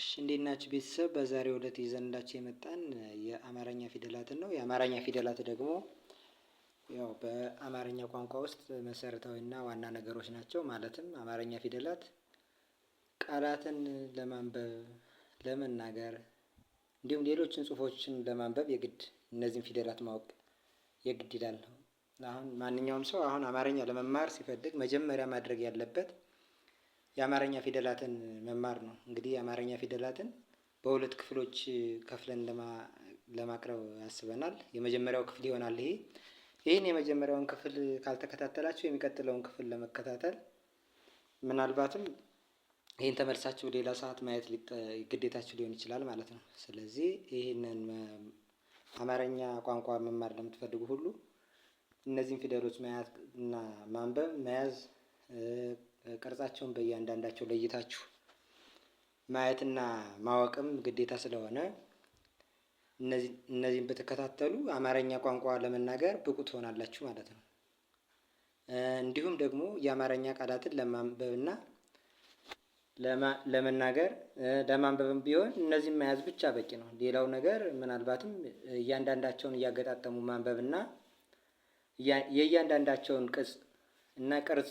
እሺ እንዴት ናችሁ ቤተሰብ? በዛሬው ዕለት ይዘንላችሁ የመጣን የአማርኛ ፊደላትን ነው። የአማርኛ ፊደላት ደግሞ ያው በአማርኛ ቋንቋ ውስጥ መሰረታዊና ዋና ነገሮች ናቸው። ማለትም አማርኛ ፊደላት ቃላትን ለማንበብ፣ ለመናገር እንዲሁም ሌሎችን ጽሁፎችን ለማንበብ የግድ እነዚህን ፊደላት ማወቅ የግድ ይላል። አሁን ማንኛውም ሰው አሁን አማርኛ ለመማር ሲፈልግ መጀመሪያ ማድረግ ያለበት የአማርኛ ፊደላትን መማር ነው። እንግዲህ የአማርኛ ፊደላትን በሁለት ክፍሎች ከፍለን ለማቅረብ ያስበናል። የመጀመሪያው ክፍል ይሆናል ይሄ። ይህን የመጀመሪያውን ክፍል ካልተከታተላችሁ የሚቀጥለውን ክፍል ለመከታተል ምናልባትም ይህን ተመልሳችሁ ሌላ ሰዓት ማየት ግዴታችሁ ሊሆን ይችላል ማለት ነው። ስለዚህ ይህንን አማርኛ ቋንቋ መማር ለምትፈልጉ ሁሉ እነዚህን ፊደሎች መያዝ እና ማንበብ መያዝ ቅርጻቸውን በእያንዳንዳቸው ለይታችሁ ማየትና ማወቅም ግዴታ ስለሆነ እነዚህን ብትከታተሉ አማርኛ ቋንቋ ለመናገር ብቁ ትሆናላችሁ ማለት ነው። እንዲሁም ደግሞ የአማርኛ ቃላትን ለማንበብና ለመናገር ለማንበብም ቢሆን እነዚህ መያዝ ብቻ በቂ ነው። ሌላው ነገር ምናልባትም እያንዳንዳቸውን እያገጣጠሙ ማንበብና የእያንዳንዳቸውን ቅጽ እና ቅርጽ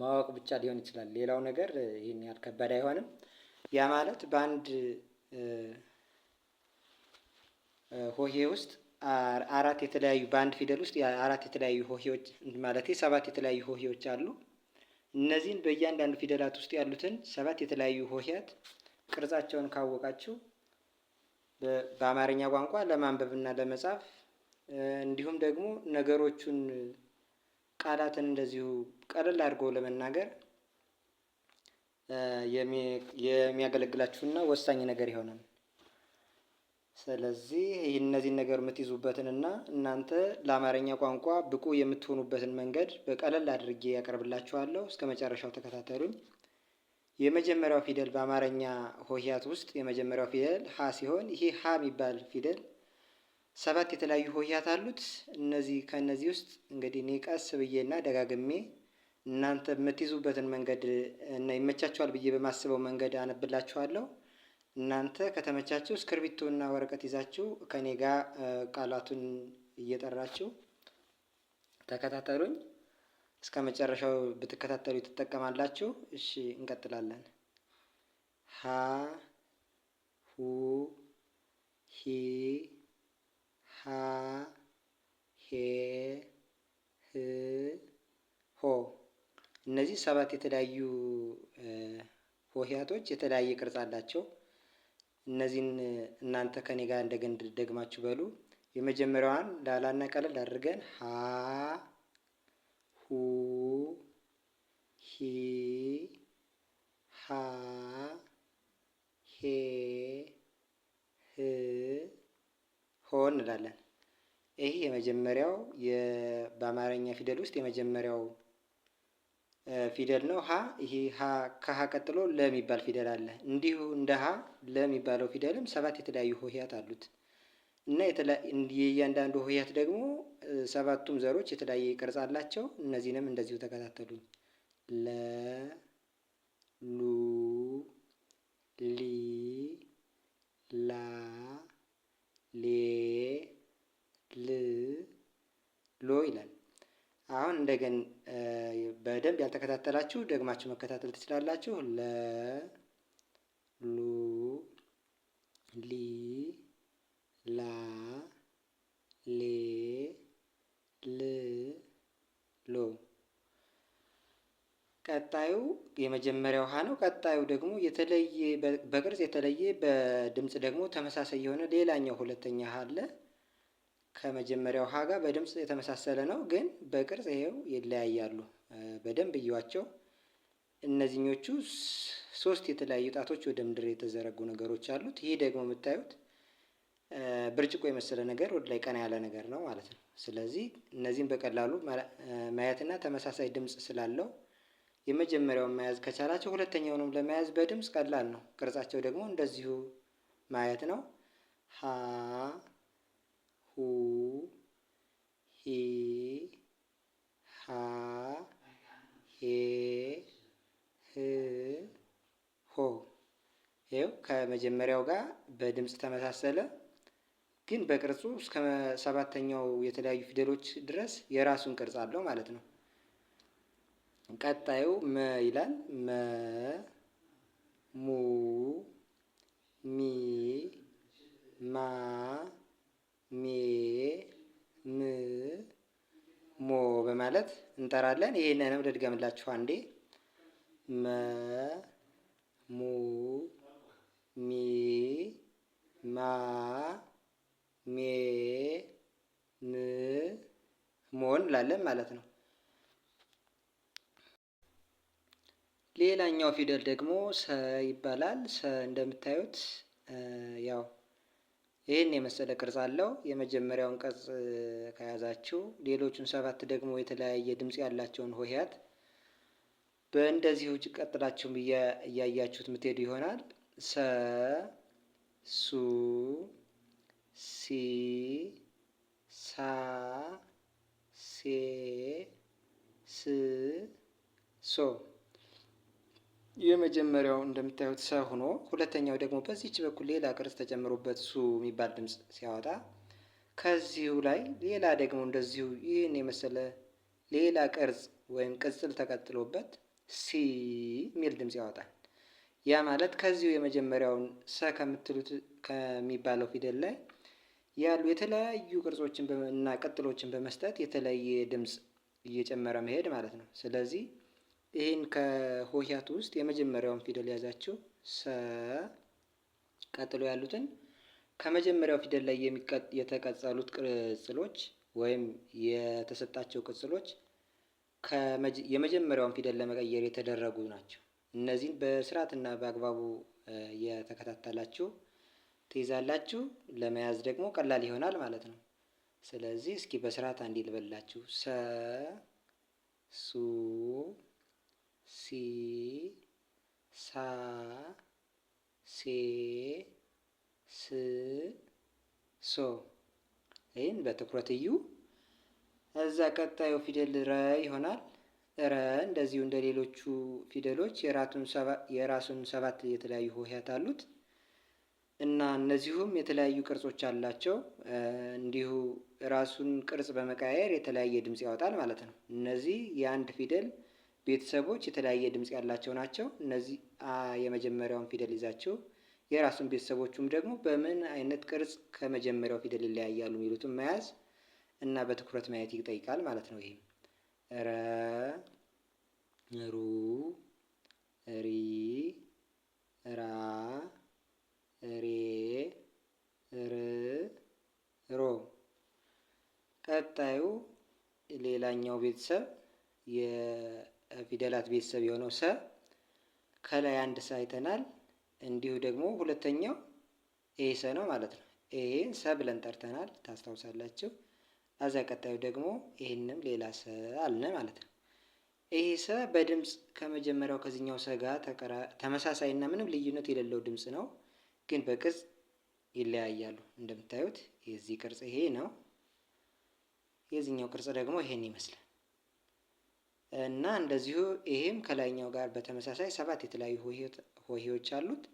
ማወቅ ብቻ ሊሆን ይችላል። ሌላው ነገር ይህን ያህል ከባድ አይሆንም። ያ ማለት በአንድ ሆሄ ውስጥ አራት የተለያዩ በአንድ ፊደል ውስጥ አራት የተለያዩ ሆሄዎች ማለት ሰባት የተለያዩ ሆሄዎች አሉ። እነዚህን በእያንዳንዱ ፊደላት ውስጥ ያሉትን ሰባት የተለያዩ ሆሄያት ቅርጻቸውን ካወቃችሁ በአማርኛ ቋንቋ ለማንበብና ለመጻፍ እንዲሁም ደግሞ ነገሮቹን ቃላትን እንደዚሁ ቀለል አድርጎ ለመናገር የሚያገለግላችሁና ወሳኝ ነገር ይሆናል። ስለዚህ እነዚህን ነገር የምትይዙበትንና እናንተ ለአማርኛ ቋንቋ ብቁ የምትሆኑበትን መንገድ በቀለል አድርጌ ያቀርብላችኋለሁ። እስከ መጨረሻው ተከታተሉኝ። የመጀመሪያው ፊደል በአማርኛ ሆሄያት ውስጥ የመጀመሪያው ፊደል ሀ ሲሆን ይሄ ሀ የሚባል ፊደል ሰባት የተለያዩ ሆሄያት አሉት። እነዚህ ከእነዚህ ውስጥ እንግዲህ እኔ ቀስ ብዬና ደጋግሜ እናንተ የምትይዙበትን መንገድ እና ይመቻችኋል ብዬ በማስበው መንገድ አነብላችኋለሁ። እናንተ ከተመቻችሁ እና ወረቀት ይዛችሁ ከኔ ጋር ቃላቱን እየጠራችሁ ተከታተሉኝ። እስከ መጨረሻው ብትከታተሉ ትጠቀማላችሁ። እሺ፣ እንቀጥላለን። ሀ ሁ ሂ እነዚህ ሰባት የተለያዩ ሆሄያቶች የተለያየ ቅርጽ አላቸው። እነዚህን እናንተ ከኔ ጋር እንደገን ደግማችሁ በሉ። የመጀመሪያዋን ላላና ቀለል አድርገን ሀ ሁ ሂ ሃ ሄ ህ ሆ እንላለን። ይህ የመጀመሪያው በአማርኛ ፊደል ውስጥ የመጀመሪያው ፊደል ነው። ሀ ይሄ ሀ ከሀ ቀጥሎ የሚባል ፊደል አለ። እንዲሁ እንደ ሀ የሚባለው ፊደልም ሰባት የተለያዩ ሆሄያት አሉት እና የእያንዳንዱ ሆሄያት ደግሞ ሰባቱም ዘሮች የተለያየ ቅርጽ አላቸው። እነዚህንም እንደዚሁ ተከታተሉኝ። ለ ሉ ሊ ላ ሌ ል ሎ ይላል። አሁን እንደገን በደንብ ያልተከታተላችሁ ደግማችሁ መከታተል ትችላላችሁ። ለ ሉ ሊ ላ ሌ ል ሎ ቀጣዩ የመጀመሪያው ውሃ ነው። ቀጣዩ ደግሞ የተለየ በቅርጽ የተለየ በድምፅ ደግሞ ተመሳሳይ የሆነ ሌላኛው ሁለተኛ ውሃ አለ። ከመጀመሪያው ሀ ጋር በድምፅ የተመሳሰለ ነው፣ ግን በቅርጽ ይሄው ይለያያሉ። በደንብ እዩዋቸው። እነዚህኞቹ ሶስት የተለያዩ ጣቶች ወደ ምድር የተዘረጉ ነገሮች አሉት። ይህ ደግሞ የምታዩት ብርጭቆ የመሰለ ነገር ወደ ላይ ቀና ያለ ነገር ነው ማለት ነው። ስለዚህ እነዚህም በቀላሉ ማየትና ተመሳሳይ ድምፅ ስላለው የመጀመሪያውን መያዝ ከቻላቸው ሁለተኛውንም ለመያዝ በድምፅ ቀላል ነው። ቅርጻቸው ደግሞ እንደዚሁ ማየት ነው ሀ ሁ ሂ ሃ ሄ ህ ሆ ይኸው ከመጀመሪያው ጋር በድምፅ ተመሳሰለ፣ ግን በቅርጹ እስከ ሰባተኛው የተለያዩ ፊደሎች ድረስ የራሱን ቅርጽ አለው ማለት ነው። ቀጣዩ መ ይላል። መ ሙ ሚ ማ በማለት እንጠራለን። ይህንንም ልድገምላችሁ አንዴ መ ሙ ሚ ማ ሜ ም ሞን ላለን ማለት ነው። ሌላኛው ፊደል ደግሞ ሰ ይባላል። ሰ እንደምታዩት ያው ይህን የመሰለ ቅርጽ አለው። የመጀመሪያውን ቅርጽ ከያዛችሁ ሌሎቹን ሰባት ደግሞ የተለያየ ድምፅ ያላቸውን ሆሄያት በእንደዚሁ ቀጥላችሁም እያያችሁት የምትሄዱ ይሆናል። ሰ፣ ሱ፣ ሲ፣ ሳ፣ ሴ፣ ስ፣ ሶ የመጀመሪያው እንደምታዩት ሰ ሆኖ ሁለተኛው ደግሞ በዚች በኩል ሌላ ቅርጽ ተጨምሮበት ሱ የሚባል ድምፅ ሲያወጣ ከዚሁ ላይ ሌላ ደግሞ እንደዚሁ ይህን የመሰለ ሌላ ቅርጽ ወይም ቅጽል ተቀጥሎበት ሲ የሚል ድምፅ ያወጣል። ያ ማለት ከዚሁ የመጀመሪያውን ሰ ከምትሉት ከሚባለው ፊደል ላይ ያሉ የተለያዩ ቅርጾችን እና ቅጥሎችን በመስጠት የተለየ ድምፅ እየጨመረ መሄድ ማለት ነው። ስለዚህ ይህን ከሆሄያት ውስጥ የመጀመሪያውን ፊደል ያዛችሁ። ሰ ቀጥሎ ያሉትን ከመጀመሪያው ፊደል ላይ የተቀጸሉት ቅጽሎች ወይም የተሰጣቸው ቅጽሎች የመጀመሪያውን ፊደል ለመቀየር የተደረጉ ናቸው። እነዚህን በስርዓትና በአግባቡ የተከታተላችሁ ትይዛላችሁ። ለመያዝ ደግሞ ቀላል ይሆናል ማለት ነው። ስለዚህ እስኪ በስርዓት አንዴ ልበላችሁ። ሰ ሱ ሲ ሳ ሴ ስ ሶ ይህን በትኩረት እዩ። እዛ ቀጣዩ ፊደል ረ ይሆናል። ረ እንደዚሁ እንደ ሌሎቹ ፊደሎች የራሱን ሰባት የተለያዩ ሆሄያት አሉት እና እነዚሁም የተለያዩ ቅርጾች አላቸው። እንዲሁ ራሱን ቅርጽ በመቀያየር የተለያየ ድምፅ ያወጣል ማለት ነው። እነዚህ የአንድ ፊደል ቤተሰቦች የተለያየ ድምፅ ያላቸው ናቸው። እነዚህ አ የመጀመሪያውን ፊደል ይዛቸው የራሱን ቤተሰቦቹም ደግሞ በምን አይነት ቅርጽ ከመጀመሪያው ፊደል ይለያያሉ የሚሉትን መያዝ እና በትኩረት ማየት ይጠይቃል ማለት ነው። ይሄም ረ፣ ሩ፣ ሪ፣ ራ፣ ሬ፣ ር፣ ሮ። ቀጣዩ ሌላኛው ቤተሰብ ፊደላት ቤተሰብ የሆነው ሰ ከላይ አንድ ሰ አይተናል። እንዲሁ ደግሞ ሁለተኛው ኤ ሰ ነው ማለት ነው። ይሄን ሰ ብለን ጠርተናል ታስታውሳላችሁ። አዛ ቀጣዩ ደግሞ ይህንም ሌላ ሰ አልነ ማለት ነው። ይሄ ሰ በድምፅ ከመጀመሪያው ከዚህኛው ሰ ጋር ና ምንም ልዩነት የሌለው ድምፅ ነው፣ ግን በቅርጽ ይለያያሉ። እንደምታዩት የዚህ ቅርጽ ይሄ ነው። የዚህኛው ቅርጽ ደግሞ ይሄን ይመስላል። እና እንደዚሁ ይሄም ከላይኛው ጋር በተመሳሳይ ሰባት የተለያዩ ሆሄዎች አሉት።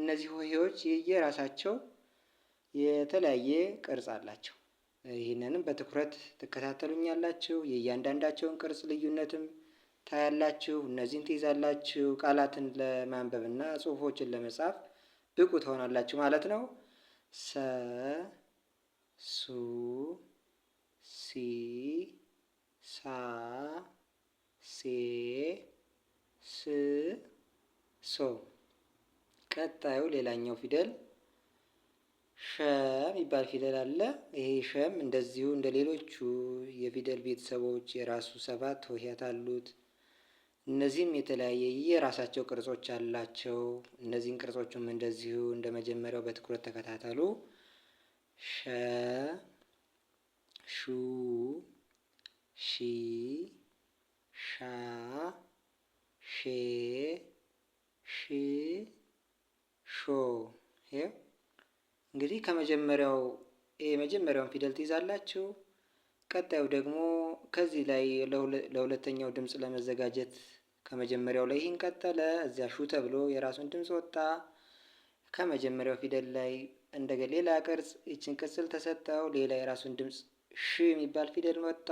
እነዚህ ሆሄዎች የየራሳቸው የተለያየ ቅርጽ አላቸው። ይህንንም በትኩረት ትከታተሉኛላችሁ። የእያንዳንዳቸውን ቅርጽ ልዩነትም ታያላችሁ። እነዚህን ትይዛላችሁ። ቃላትን ለማንበብና ጽሁፎችን ለመጻፍ ብቁ ትሆናላችሁ ማለት ነው። ሰ ሱ ሲ ሳ ሴ ስ ሶ። ቀጣዩ ሌላኛው ፊደል ሸ የሚባል ፊደል አለ። ይሄ ሸም እንደዚሁ እንደ ሌሎቹ የፊደል ቤተሰቦች የራሱ ሰባት ሆሄያት አሉት። እነዚህም የተለያየ የራሳቸው ቅርጾች አላቸው። እነዚህን ቅርጾቹም እንደዚሁ እንደ መጀመሪያው በትኩረት ተከታተሉ። ሸ ሹ ሺ ሻ ሼ ሺ ሾ ይኸው እንግዲህ ከመጀመሪያው የመጀመሪያውን ፊደል ትይዛላችሁ። ቀጣዩ ደግሞ ከዚህ ላይ ለሁለተኛው ድምፅ ለመዘጋጀት ከመጀመሪያው ላይ ይህን ቀጠለ። እዚያ ሹ ተብሎ የራሱን ድምፅ ወጣ። ከመጀመሪያው ፊደል ላይ እንደገ ሌላ ቅርጽ ይችን ቅጽል ተሰጠው። ሌላ የራሱን ድምፅ ሽ የሚባል ፊደል ወጣ።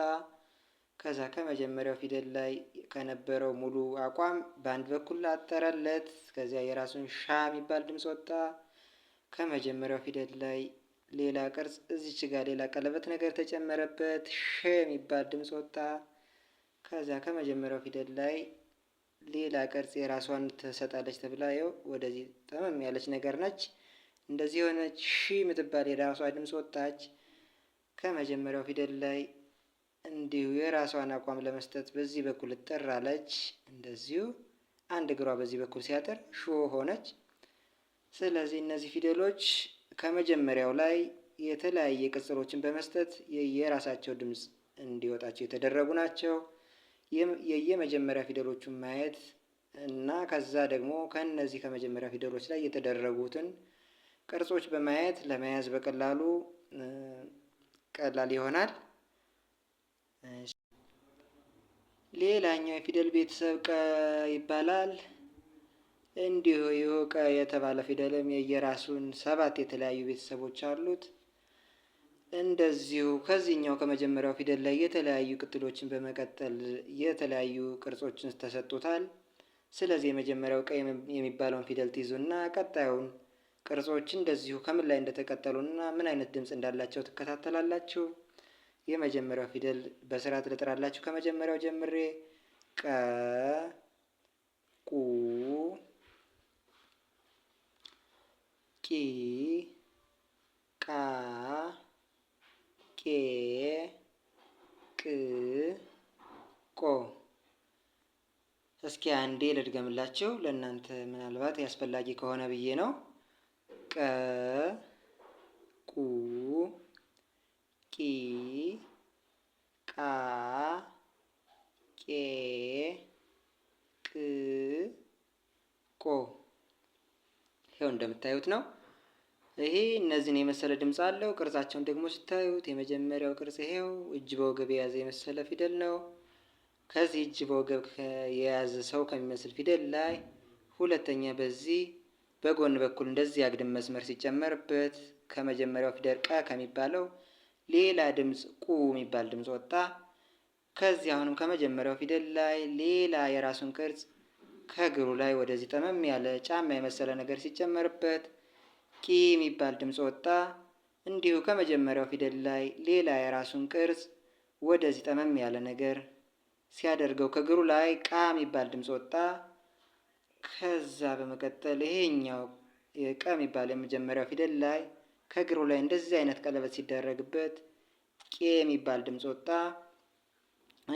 ከዛ ከመጀመሪያው ፊደል ላይ ከነበረው ሙሉ አቋም በአንድ በኩል አጠረለት። ከዚያ የራሱን ሻ የሚባል ድምፅ ወጣ። ከመጀመሪያው ፊደል ላይ ሌላ ቅርጽ እዚች ጋር ሌላ ቀለበት ነገር ተጨመረበት። ሸ የሚባል ድምፅ ወጣ። ከዛ ከመጀመሪያው ፊደል ላይ ሌላ ቅርጽ የራሷን ትሰጣለች ተብላ ይኸው ወደዚህ ጠመም ያለች ነገር ነች። እንደዚህ የሆነች ሺ የምትባል የራሷ ድምፅ ወጣች ከመጀመሪያው ፊደል ላይ እንዲሁ የራሷን አቋም ለመስጠት በዚህ በኩል እጠራለች። እንደዚሁ አንድ እግሯ በዚህ በኩል ሲያጠር ሾ ሆነች። ስለዚህ እነዚህ ፊደሎች ከመጀመሪያው ላይ የተለያየ ቅጽሎችን በመስጠት የየራሳቸው ድምፅ እንዲወጣቸው የተደረጉ ናቸው። የየመጀመሪያ ፊደሎቹን ማየት እና ከዛ ደግሞ ከእነዚህ ከመጀመሪያ ፊደሎች ላይ የተደረጉትን ቅርጾች በማየት ለመያዝ በቀላሉ ቀላል ይሆናል። ሌላኛው የፊደል ቤተሰብ ቀ ይባላል። እንዲሁ ይህ ቀ የተባለ ፊደልም የየራሱን ሰባት የተለያዩ ቤተሰቦች አሉት። እንደዚሁ ከዚህኛው ከመጀመሪያው ፊደል ላይ የተለያዩ ቅጥሎችን በመቀጠል የተለያዩ ቅርጾችን ተሰጡታል። ስለዚህ የመጀመሪያው ቀ የሚባለውን ፊደል ትይዙና ቀጣዩን ቅርጾች እንደዚሁ ከምን ላይ እንደተቀጠሉና ምን አይነት ድምፅ እንዳላቸው ትከታተላላችሁ። የመጀመሪያው ፊደል በስርዓት ልጥራላችሁ። ከመጀመሪያው ጀምሬ ቀ ቁ ቂ ቃ ቄ ቅ ቆ። እስኪ አንዴ ልድገምላችሁ ለእናንተ ምናልባት ያስፈላጊ ከሆነ ብዬ ነው። ቀ ቁ ቂ ቃ ቄ ቅ ቆ ይኸው እንደምታዩት ነው። ይሄ እነዚህን የመሰለ ድምፅ አለው። ቅርጻቸውን ደግሞ ስታዩት የመጀመሪያው ቅርጽ ይሄው እጅ በወገብ የያዘ የመሰለ ፊደል ነው። ከዚህ እጅ በወገብ የያዘ ሰው ከሚመስል ፊደል ላይ ሁለተኛ በዚህ በጎን በኩል እንደዚህ አግድም መስመር ሲጨመርበት ከመጀመሪያው ፊደል ቀ ከሚባለው ሌላ ድምፅ ቁ የሚባል ድምፅ ወጣ። ከዚህ አሁንም ከመጀመሪያው ፊደል ላይ ሌላ የራሱን ቅርጽ ከእግሩ ላይ ወደዚህ ጠመም ያለ ጫማ የመሰለ ነገር ሲጨመርበት ቂ የሚባል ድምፅ ወጣ። እንዲሁ ከመጀመሪያው ፊደል ላይ ሌላ የራሱን ቅርጽ ወደዚህ ጠመም ያለ ነገር ሲያደርገው ከእግሩ ላይ ቃ የሚባል ድምፅ ወጣ። ከዛ በመቀጠል ይሄኛው ቀ የሚባል የመጀመሪያው ፊደል ላይ ከእግሩ ላይ እንደዚህ አይነት ቀለበት ሲደረግበት ቄ የሚባል ድምፅ ወጣ።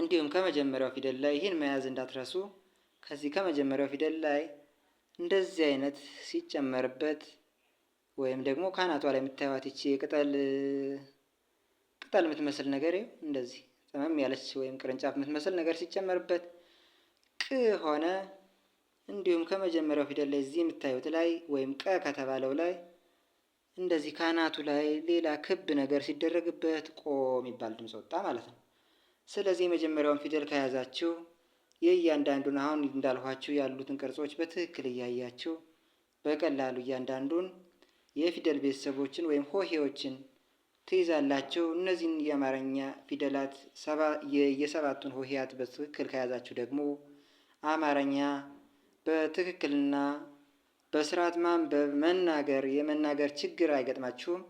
እንዲሁም ከመጀመሪያው ፊደል ላይ ይህን መያዝ እንዳትረሱ። ከዚህ ከመጀመሪያው ፊደል ላይ እንደዚህ አይነት ሲጨመርበት ወይም ደግሞ ከአናቷ ላይ የምታዩት ይቺ ቅጠል ቅጠል የምትመስል ነገር እንደዚህ ጥመም ያለች ወይም ቅርንጫፍ የምትመስል ነገር ሲጨመርበት ቅ ሆነ። እንዲሁም ከመጀመሪያው ፊደል ላይ እዚህ የምታዩት ላይ ወይም ቀ ከተባለው ላይ እንደዚህ ካህናቱ ላይ ሌላ ክብ ነገር ሲደረግበት ቆ የሚባል ድምፅ ወጣ ማለት ነው። ስለዚህ የመጀመሪያውን ፊደል ከያዛችሁ የእያንዳንዱን አሁን እንዳልኋችሁ ያሉትን ቅርጾች በትክክል እያያችሁ በቀላሉ እያንዳንዱን የፊደል ቤተሰቦችን ወይም ሆሄዎችን ትይዛላችሁ። እነዚህን የአማርኛ ፊደላት የሰባቱን ሆሄያት በትክክል ከያዛችሁ ደግሞ አማርኛ በትክክልና በስርዓት ማንበብ፣ መናገር የመናገር ችግር አይገጥማችሁም።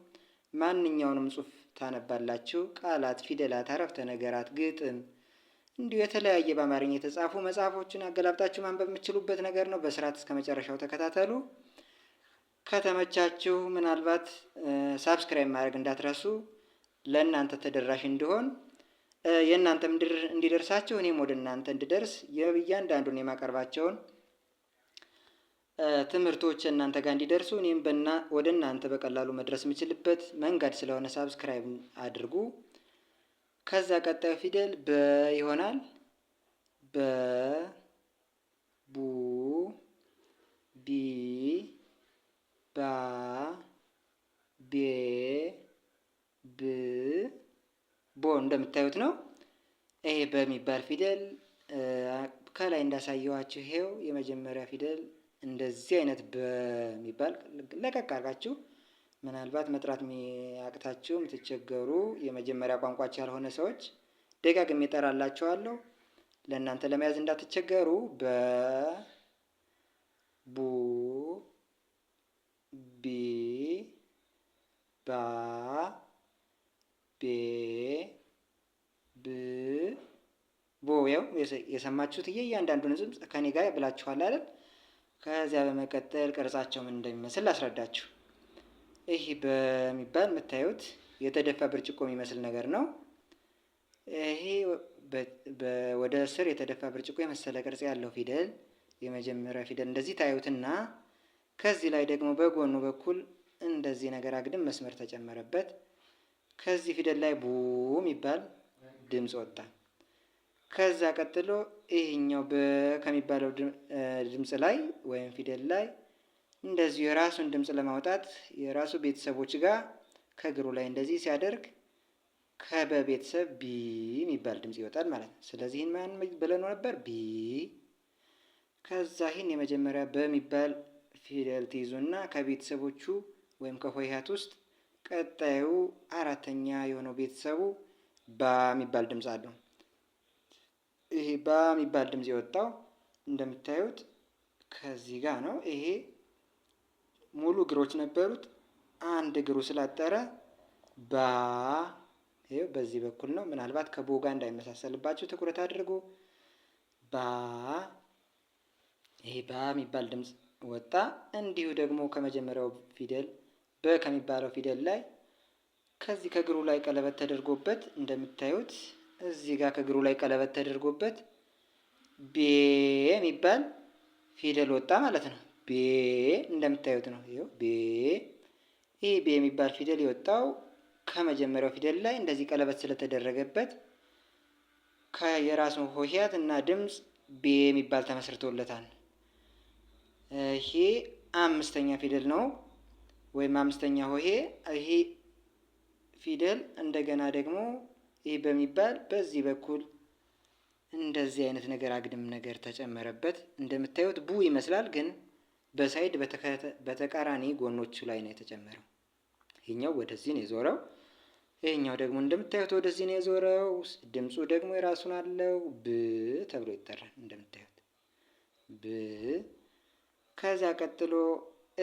ማንኛውንም ጽሁፍ ታነባላችሁ። ቃላት፣ ፊደላት፣ አረፍተ ነገራት፣ ግጥም እንዲሁ የተለያየ በአማርኛ የተጻፉ መጽሐፎችን አገላብጣችሁ ማንበብ የምትችሉበት ነገር ነው። በስርዓት እስከ መጨረሻው ተከታተሉ። ከተመቻችሁ ምናልባት ሳብስክራይብ ማድረግ እንዳትረሱ ለእናንተ ተደራሽ እንዲሆን የእናንተም እንዲደርሳችሁ እኔም ወደ እናንተ እንድደርስ የእያንዳንዱን የማቀርባቸውን ትምህርቶች እናንተ ጋር እንዲደርሱ እኔም በና ወደ እናንተ በቀላሉ መድረስ የምችልበት መንገድ ስለሆነ ሳብስክራይብ አድርጉ። ከዛ ቀጣዩ ፊደል በ ይሆናል። በ ቡ ቢ ባ ቤ ብ ቦ እንደምታዩት ነው። ይሄ በሚባል ፊደል ከላይ እንዳሳየዋችሁ ይሄው የመጀመሪያ ፊደል እንደዚህ አይነት በሚባል ለቀቅ አድርጋችሁ ምናልባት መጥራት የሚያቅታችሁ የምትቸገሩ የመጀመሪያ ቋንቋቸው ያልሆነ ሰዎች ደጋግሜ እጠራላችኋለሁ። ለእናንተ ለመያዝ እንዳትቸገሩ በ ቡ ቢ ባ ቤ ብ ቦ ያው የሰማችሁት እያንዳንዱን እያንዳንዱ ከኔ ጋር ብላችኋል አይደል? ከዚያ በመቀጠል ቅርጻቸው ምን እንደሚመስል ላስረዳችሁ። ይህ በሚባል የምታዩት የተደፋ ብርጭቆ የሚመስል ነገር ነው። ይሄ ወደ ስር የተደፋ ብርጭቆ የመሰለ ቅርጽ ያለው ፊደል የመጀመሪያ ፊደል እንደዚህ ታዩትና ከዚህ ላይ ደግሞ በጎኑ በኩል እንደዚህ ነገር አግድም መስመር ተጨመረበት። ከዚህ ፊደል ላይ ቡ የሚባል ድምፅ ወጣ። ከዛ ቀጥሎ ይሄኛው በ ከሚባለው ድምፅ ላይ ወይም ፊደል ላይ እንደዚሁ የራሱን ድምፅ ለማውጣት የራሱ ቤተሰቦች ጋር ከእግሩ ላይ እንደዚህ ሲያደርግ ከበ ቤተሰብ ቢ የሚባል ድምፅ ይወጣል ማለት ነው። ስለዚህ ማን ብለነው ነበር? ቢ። ከዛ ይህን የመጀመሪያ በሚባል ፊደል ትይዙና ከቤተሰቦቹ ወይም ከሆሄያት ውስጥ ቀጣዩ አራተኛ የሆነው ቤተሰቡ ባ የሚባል ድምፅ አለው። ይሄ ባ የሚባል ድምፅ የወጣው እንደምታዩት ከዚህ ጋር ነው። ይሄ ሙሉ እግሮች ነበሩት። አንድ እግሩ ስላጠረ ባ ይኸው በዚህ በኩል ነው። ምናልባት ከቦ ጋር እንዳይመሳሰልባቸው ትኩረት አድርጎ ባ። ይሄ ባ የሚባል ድምፅ ወጣ። እንዲሁ ደግሞ ከመጀመሪያው ፊደል በ ከሚባለው ፊደል ላይ ከዚህ ከእግሩ ላይ ቀለበት ተደርጎበት እንደምታዩት እዚህ ጋር ከእግሩ ላይ ቀለበት ተደርጎበት ቤ የሚባል ፊደል ወጣ ማለት ነው። ቤ እንደምታዩት ነው። ይኸው ቤ። ይህ ቤ የሚባል ፊደል የወጣው ከመጀመሪያው ፊደል ላይ እንደዚህ ቀለበት ስለተደረገበት ከየራሱ ሆሄያት እና ድምፅ ቤ የሚባል ተመስርቶለታል። ይሄ አምስተኛ ፊደል ነው ወይም አምስተኛ ሆሄ ይሄ ፊደል እንደገና ደግሞ ይህ በሚባል በዚህ በኩል እንደዚህ አይነት ነገር አግድም ነገር ተጨመረበት። እንደምታዩት ቡ ይመስላል፣ ግን በሳይድ በተቃራኒ ጎኖቹ ላይ ነው የተጨመረው። ይህኛው ወደዚህ ነው የዞረው፣ ይህኛው ደግሞ እንደምታዩት ወደዚህ ነው የዞረው። ድምፁ ደግሞ የራሱን አለው። ብ ተብሎ ይጠራል። እንደምታዩት ብ። ከዚያ ቀጥሎ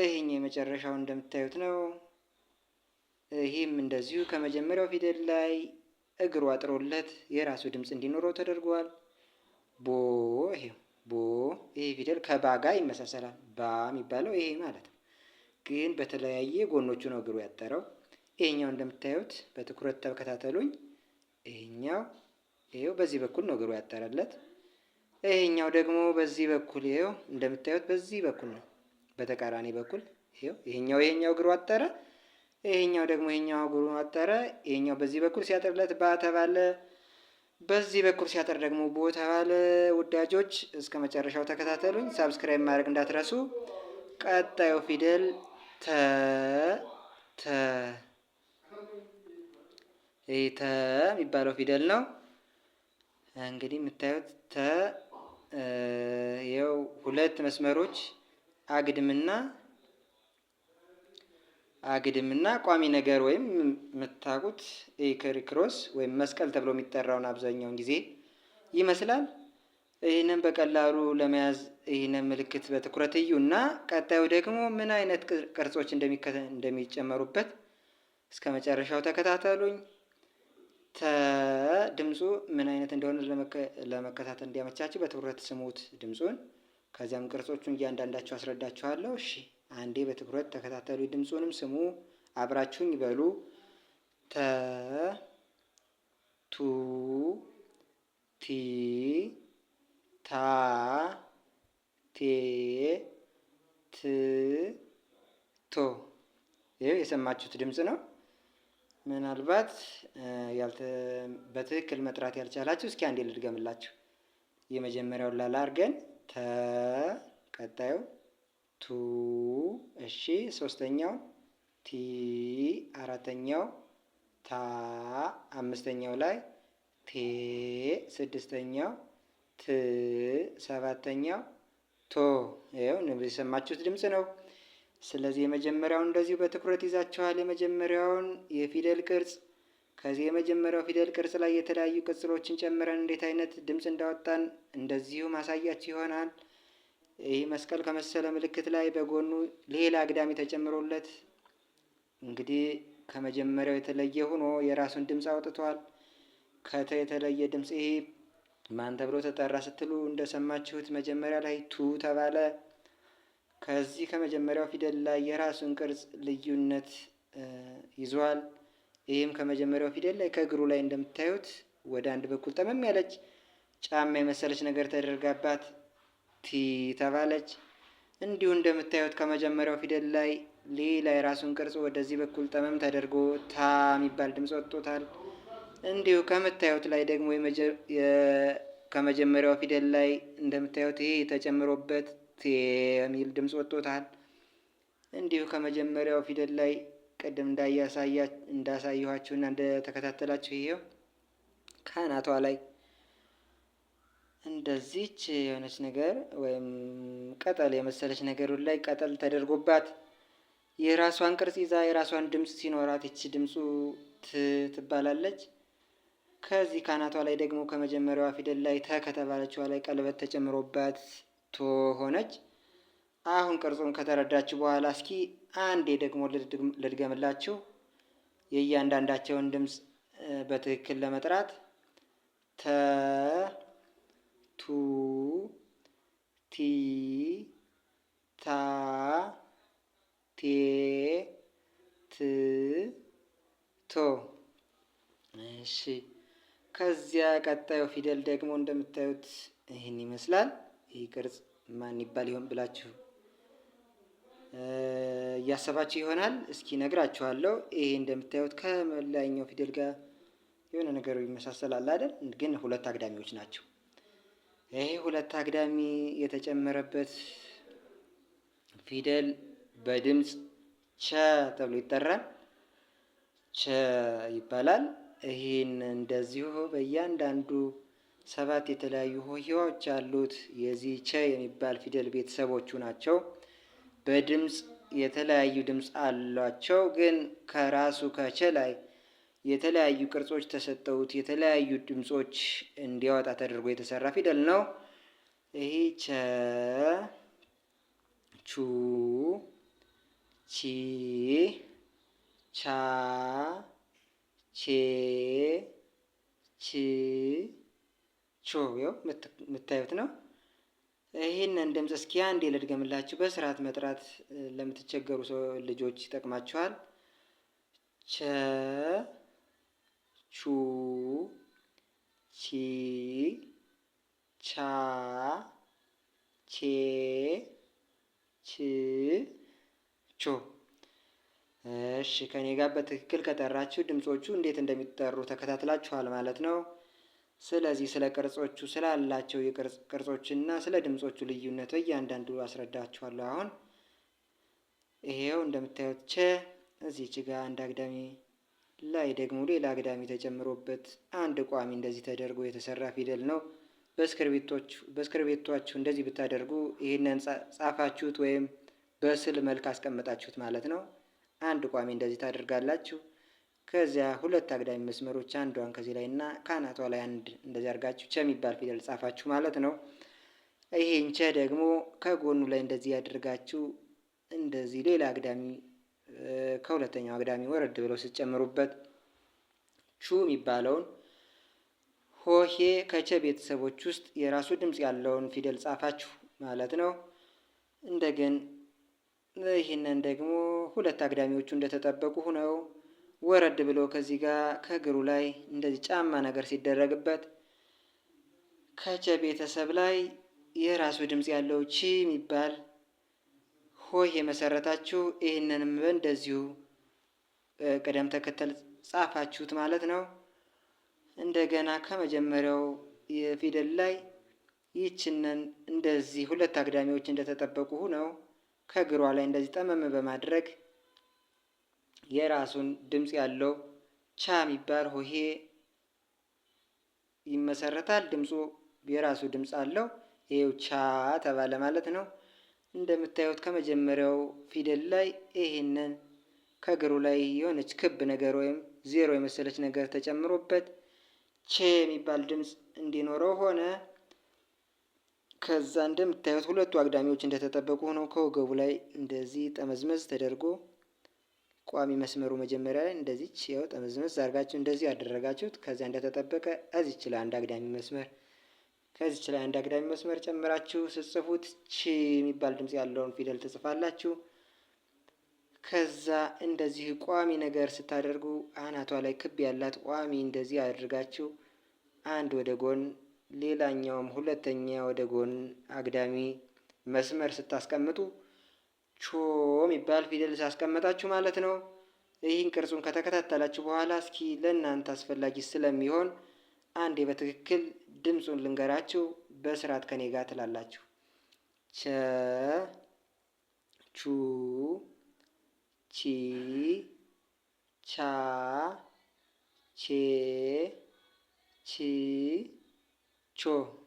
ይህኛው የመጨረሻው እንደምታዩት ነው። ይህም እንደዚሁ ከመጀመሪያው ፊደል ላይ እግሩ አጥሮለት የራሱ ድምፅ እንዲኖረው ተደርጓል። ቦ ይሄው ቦ ይሄ ፊደል ከባ ጋር ይመሳሰላል። ባ የሚባለው ይሄ ማለት ነው። ግን በተለያየ ጎኖቹ ነው እግሩ ያጠረው። ይሄኛው እንደምታዩት በትኩረት ተከታተሉኝ። ይሄኛው ይሄው በዚህ በኩል ነው እግሩ ያጠረለት። ይሄኛው ደግሞ በዚህ በኩል ይሄው እንደምታዩት በዚህ በኩል ነው፣ በተቃራኒ በኩል ይሄው ይሄኛው ይሄኛው እግሩ አጠረ። ይሄኛው ደግሞ ይሄኛው አጉሩ አጠረ። ይሄኛው በዚህ በኩል ሲያጠርለት ባ ተባለ። በዚህ በኩል ሲያጠር ደግሞ ቦ ተባለ። ወዳጆች እስከ መጨረሻው ተከታተሉኝ። ሳብስክራይብ ማድረግ እንዳትረሱ። ቀጣዩ ፊደል ተ ተ ተ የሚባለው ፊደል ነው። እንግዲህ የምታዩት ተ ይኸው ሁለት መስመሮች አግድምና አግድምና ቋሚ ነገር ወይም የምታውቁት ኢክሪክሮስ ወይም መስቀል ተብሎ የሚጠራውን አብዛኛውን ጊዜ ይመስላል። ይህንን በቀላሉ ለመያዝ ይህንን ምልክት በትኩረት እዩ እና ቀጣዩ ደግሞ ምን አይነት ቅርጾች እንደሚጨመሩበት እስከ መጨረሻው ተከታተሉኝ። ድምፁ ምን አይነት እንደሆነ ለመከታተል እንዲያመቻችሁ በትኩረት ስሙት ድምፁን። ከዚያም ቅርጾቹን እያንዳንዳቸው አስረዳችኋለሁ። እሺ አንዴ በትኩረት ተከታተሉ፣ ድምፁንም ስሙ፣ አብራችሁኝ ይበሉ ተ ቱ ቲ ታ ቴ ት ቶ ይህ የሰማችሁት ድምፅ ነው። ምናልባት በትክክል መጥራት ያልቻላችሁ እስኪ አንዴ ልድገምላችሁ። የመጀመሪያውን ላላ አድርገን ተ ቱ እሺ ሶስተኛው ቲ አራተኛው ታ አምስተኛው ላይ ቴ ስድስተኛው ት ሰባተኛው ቶ ይኸው ንብ የሰማችሁት ድምፅ ነው። ስለዚህ የመጀመሪያውን እንደዚሁ በትኩረት ይዛችኋል። የመጀመሪያውን የፊደል ቅርጽ ከዚህ የመጀመሪያው ፊደል ቅርጽ ላይ የተለያዩ ቅጽሎችን ጨምረን እንዴት አይነት ድምፅ እንዳወጣን እንደዚሁ ማሳያችሁ ይሆናል። ይህ መስቀል ከመሰለ ምልክት ላይ በጎኑ ሌላ አግዳሚ ተጨምሮለት እንግዲህ ከመጀመሪያው የተለየ ሆኖ የራሱን ድምፅ አውጥቷል። ከተ የተለየ ድምፅ ይሄ ማን ተብሎ ተጠራ ስትሉ እንደሰማችሁት መጀመሪያ ላይ ቱ ተባለ። ከዚህ ከመጀመሪያው ፊደል ላይ የራሱን ቅርጽ ልዩነት ይዟል። ይህም ከመጀመሪያው ፊደል ላይ ከእግሩ ላይ እንደምታዩት ወደ አንድ በኩል ጠመም ያለች ጫማ የመሰለች ነገር ተደርጋባት ቲ ተባለች። እንዲሁ እንደምታዩት ከመጀመሪያው ፊደል ላይ ሌላ የራሱን ቅርጽ ወደዚህ በኩል ጠመም ተደርጎ ታ የሚባል ድምፅ ወጥቶታል። እንዲሁ ከምታዩት ላይ ደግሞ ከመጀመሪያው ፊደል ላይ እንደምታዩት ይሄ የተጨምሮበት ቴ የሚል ድምፅ ወጥቶታል። እንዲሁ ከመጀመሪያው ፊደል ላይ ቅድም እንዳሳየኋችሁና እንደተከታተላችሁ ይሄው ከአናቷ ላይ እንደዚች የሆነች ነገር ወይም ቀጠል የመሰለች ነገር ላይ ቀጠል ተደርጎባት የራሷን ቅርጽ ይዛ የራሷን ድምፅ ሲኖራት ይቺ ድምፁ ት ትባላለች። ከዚህ ካናቷ ላይ ደግሞ ከመጀመሪያዋ ፊደል ላይ ተ ከተባለችዋ ላይ ቀለበት ተጨምሮባት ቶ ሆነች። አሁን ቅርጹን ከተረዳችሁ በኋላ እስኪ አንዴ ደግሞ ልድገምላችሁ የእያንዳንዳቸውን ድምፅ በትክክል ለመጥራት ተ ቱ ቲ ታ ቴ ት ቶ። እሺ ከዚያ ቀጣዩ ፊደል ደግሞ እንደምታዩት ይህን ይመስላል። ይህ ቅርጽ ማን ይባል ይሆን ብላችሁ እያሰባችሁ ይሆናል። እስኪ ነግራችኋለሁ። ይሄ እንደምታዩት ከመላኛው ፊደል ጋር የሆነ ነገሩ ይመሳሰላል አይደል? ግን ሁለት አግዳሚዎች ናቸው። ይሄ ሁለት አግዳሚ የተጨመረበት ፊደል በድምፅ ቸ ተብሎ ይጠራል። ቸ ይባላል። ይህን እንደዚሁ በእያንዳንዱ ሰባት የተለያዩ ሆሄዎች ያሉት የዚህ ቸ የሚባል ፊደል ቤተሰቦቹ ናቸው። በድምፅ የተለያዩ ድምፅ አሏቸው። ግን ከራሱ ከቸ ላይ የተለያዩ ቅርጾች ተሰጠውት የተለያዩ ድምጾች እንዲያወጣ ተደርጎ የተሰራ ፊደል ነው። ይሄ ቸ፣ ቹ፣ ቺ፣ ቻ፣ ቼ፣ ቺ፣ ቾ ው የምታዩት ነው። ይህንን ድምፅ እስኪ አንዴ ልድገምላችሁ። በስርዓት መጥራት ለምትቸገሩ ሰው ልጆች ይጠቅማችኋል። ቸ ቹ ቺ ቻ ቼ ች ቾ። እሺ ከኔ ጋር በትክክል ከጠራችሁ ድምጾቹ እንዴት እንደሚጠሩ ተከታትላችኋል ማለት ነው። ስለዚህ ስለ ቅርጾቹ ስላላቸው ቅርጾችና ስለ ድምጾቹ ልዩነት በእያንዳንዱ አስረዳችኋለሁ። አሁን ይሄው እንደምታዩት ቸ እዚህ ችጋ አንድ አግዳሚ ላይ ደግሞ ሌላ አግዳሚ ተጨምሮበት አንድ ቋሚ እንደዚህ ተደርጎ የተሰራ ፊደል ነው። በእስክርቤቶችሁ እንደዚህ ብታደርጉ ይህንን ጻፋችሁት ወይም በስል መልክ አስቀምጣችሁት ማለት ነው። አንድ ቋሚ እንደዚህ ታደርጋላችሁ። ከዚያ ሁለት አግዳሚ መስመሮች አንዷን ከዚህ ላይ እና ከአናቷ ላይ አንድ እንደዚህ አድርጋችሁ ቸ የሚባል ፊደል ጻፋችሁ ማለት ነው። ይሄን ቸ ደግሞ ከጎኑ ላይ እንደዚህ ያደርጋችሁ እንደዚህ ሌላ አግዳሚ ከሁለተኛው አግዳሚ ወረድ ብለው ሲጨምሩበት ቹ የሚባለውን ሆሄ ከቸ ቤተሰቦች ውስጥ የራሱ ድምፅ ያለውን ፊደል ጻፋችሁ ማለት ነው። እንደገን ይህንን ደግሞ ሁለት አግዳሚዎቹ እንደተጠበቁ ሁነው ወረድ ብሎ ከዚህ ጋር ከእግሩ ላይ እንደዚህ ጫማ ነገር ሲደረግበት ከቸ ቤተሰብ ላይ የራሱ ድምፅ ያለው ቺ የሚባል ሆይ የመሰረታችሁ ይህንንም እንደዚሁ ቅደም ተከተል ጻፋችሁት ማለት ነው። እንደገና ከመጀመሪያው የፊደል ላይ ይችንን እንደዚህ ሁለት አግዳሚዎች እንደተጠበቁ ሁነው ከግሯ ላይ እንደዚህ ጠመም በማድረግ የራሱን ድምፅ ያለው ቻ የሚባል ሆሄ ይመሰረታል። ድምፁ የራሱ ድምፅ አለው። ይሄው ቻ ተባለ ማለት ነው። እንደምታዩት ከመጀመሪያው ፊደል ላይ ይሄንን ከእግሩ ላይ የሆነች ክብ ነገር ወይም ዜሮ የመሰለች ነገር ተጨምሮበት ቼ የሚባል ድምፅ እንዲኖረው ሆነ። ከዛ እንደምታዩት ሁለቱ አግዳሚዎች እንደተጠበቁ ሆነው ከወገቡ ላይ እንደዚህ ጠመዝመዝ ተደርጎ ቋሚ መስመሩ መጀመሪያ ላይ እንደዚች ያው ጠመዝመዝ አድርጋችሁ እንደዚህ ያደረጋችሁት ከዚያ እንደተጠበቀ እዚች ለአንድ አግዳሚ መስመር ከዚች ላይ አንድ አግዳሚ መስመር ጨምራችሁ ስጽፉት ቺ የሚባል ድምፅ ያለውን ፊደል ትጽፋላችሁ። ከዛ እንደዚህ ቋሚ ነገር ስታደርጉ አናቷ ላይ ክብ ያላት ቋሚ እንደዚህ አድርጋችሁ አንድ ወደ ጎን፣ ሌላኛውም ሁለተኛ ወደ ጎን አግዳሚ መስመር ስታስቀምጡ ቾ የሚባል ፊደል ሳስቀመጣችሁ ማለት ነው። ይህን ቅርጹን ከተከታተላችሁ በኋላ እስኪ ለእናንተ አስፈላጊ ስለሚሆን አንዴ በትክክል ድምፁን ልንገራችሁ በስርዓት ከኔ ጋር ትላላችሁ። ቸ ቹ ቺ ቻ ቼ ቺ ቾ